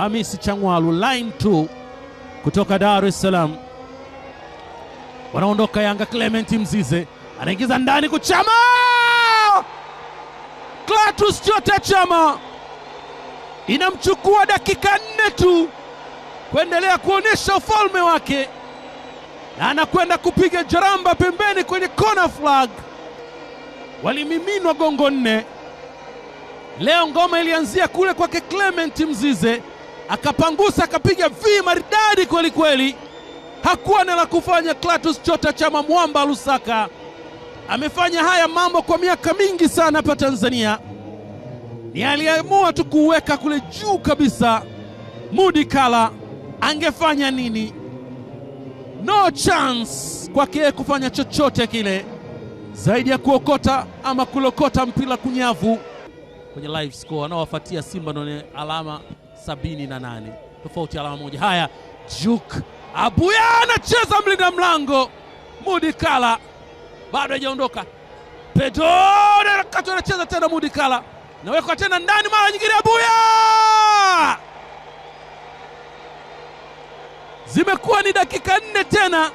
Hamisi Changwalu line 2 kutoka Dar es Salaam. Wanaondoka Yanga, Clement Mzize anaingiza ndani kuchama, Clatous Chota Chama inamchukua dakika nne tu kuendelea kuonyesha ufalme wake, na anakwenda kupiga jaramba pembeni kwenye kona flag. Walimiminwa gongo nne. Leo ngoma ilianzia kule kwake Clement Mzize akapangusa akapiga vi maridadi kweli kweli. Hakuwa na la kufanya Clatous Chota Chama Mwamba Lusaka. Amefanya haya mambo kwa miaka mingi sana hapa Tanzania, ni aliamua tu kuweka kule juu kabisa. Mudi Kala angefanya nini? No chance kwake kufanya chochote kile zaidi ya kuokota ama kulokota mpira kunyavu. Kwenye live score anaowafuatia Simba ndio alama 78 tofauti alama moja. Haya, Juk Abuya anacheza mlinda mlango Mudikala bado hajaondoka. Pedro Katu anacheza tena, Mudikala nawekwa tena ndani, mara nyingine Abuya. Zimekuwa ni dakika nne tena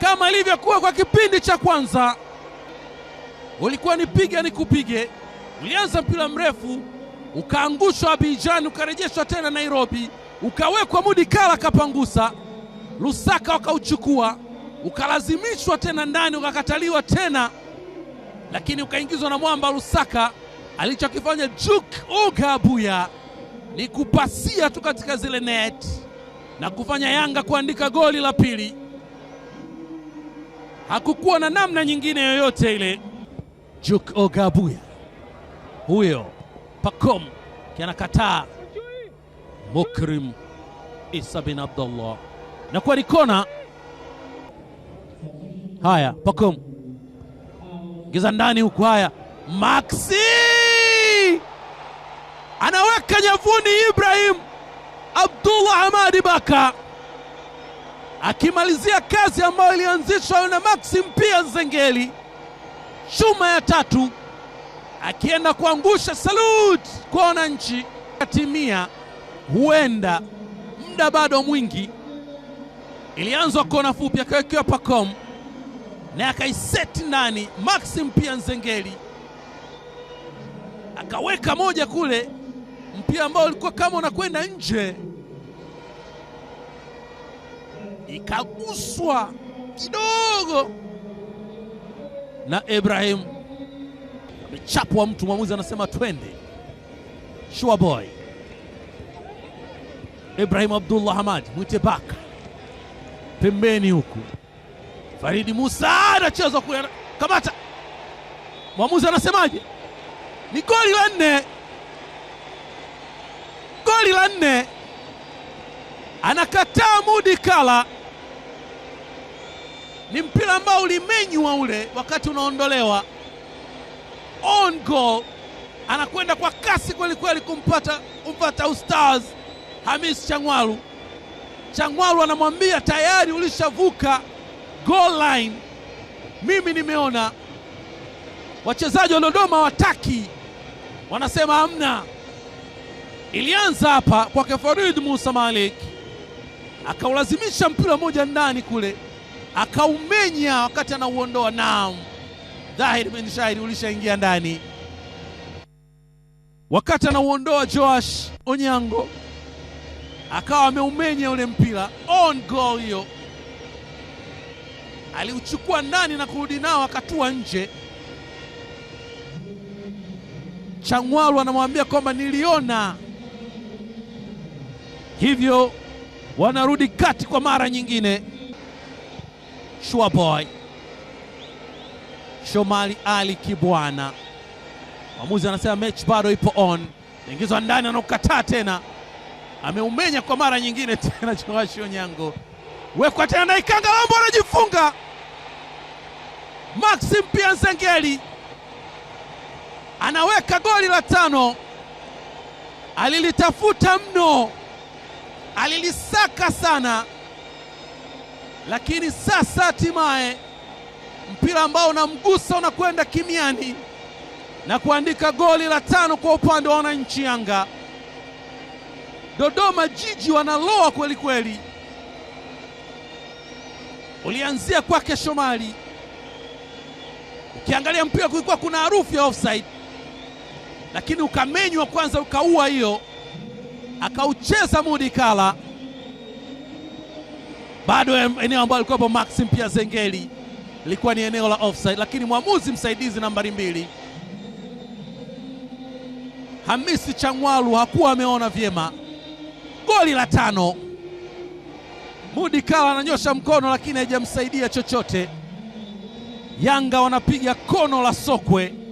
kama ilivyokuwa kwa kipindi cha kwanza. Ulikuwa nipige nikupige, ulianza mpira mrefu ukaangushwa Abijani, ukarejeshwa tena Nairobi, ukawekwa Mudikala kapangusa, Lusaka wakauchukua, ukalazimishwa tena ndani, ukakataliwa tena, lakini ukaingizwa na mwamba Lusaka. Alichokifanya Duke Ogabuya ni kupasia tu katika zile net na kufanya Yanga kuandika goli la pili. Hakukuwa na namna nyingine yoyote ile. Duke Ogabuya huyo Pacom kianakataa. Mukrim Isa bin Abdullah na kwa kona. Haya, Pacom giza ndani huku. Haya, Maxi anaweka nyavuni. Ibrahim Abdullah Hamadi Baka akimalizia kazi ambayo ilianzishwa na Maxi Mpia Nzengeli, chuma ya tatu akienda kuangusha salute kwa wananchi katimia. Huenda muda bado mwingi, ilianzwa kona fupi, akawekewa Pacom na akaiseti ndani. Maxim pia Nzengeli akaweka moja kule, mpira ambao ulikuwa kama unakwenda nje, ikaguswa kidogo na ibrahimu Amechapwa mtu, mwamuzi anasema twende. Sure boy Ibrahim Abdullah Hamad, mwite baka pembeni huku. Faridi Musa anachezwa kule, kamata. Mwamuzi anasemaje? Ni goli la nne, goli la nne. Anakataa Mudi Kala. Ni mpira ambao ulimenywa ule wakati unaondolewa on goal, anakwenda kwa kasi kweli kweli kumpata kumpata Ustars Hamis Changwalu. Changwalu anamwambia tayari ulishavuka goal line, mimi nimeona. Wachezaji wa Dodoma wataki, wanasema hamna. Ilianza hapa kwake Farid Musa Malik, akaulazimisha mpira mmoja ndani kule, akaumenya wakati anauondoa. Naam dhahiri bin shahiri ulishaingia ndani. Wakati anauondoa Joash Onyango akawa ameumenya ule mpira on goal, hiyo aliuchukua ndani na kurudi nao, akatua nje. Changwalu anamwambia kwamba niliona hivyo, wanarudi kati kwa mara nyingine. Sure Shomari Ali Kibwana. Mwamuzi anasema match bado ipo on, naingizwa ndani, anaukataa tena, ameumenya kwa mara nyingine tena. Joash Onyango wekwa tena na Ikanga Lambo anajifunga. Maxim pia Nzengeli anaweka goli la tano, alilitafuta mno, alilisaka sana, lakini sasa hatimaye mpira ambao unamgusa unakwenda kimiani na kuandika goli la tano kwa upande wa wananchi Yanga. Dodoma Jiji wanaloa kweli kweli. Ulianzia kwake Shomari, ukiangalia mpira kulikuwa kuna harufu ya offside, lakini ukamenywa kwanza, ukaua hiyo, akaucheza Mudi Kala, bado eneo ambalo alikuwepo Maxim pia Zengeli ilikuwa ni eneo la offside, lakini mwamuzi msaidizi nambari mbili Hamisi Changwalu hakuwa ameona vyema. Goli la tano, Mudi Kala ananyosha mkono, lakini haijamsaidia chochote. Yanga wanapiga kono la sokwe.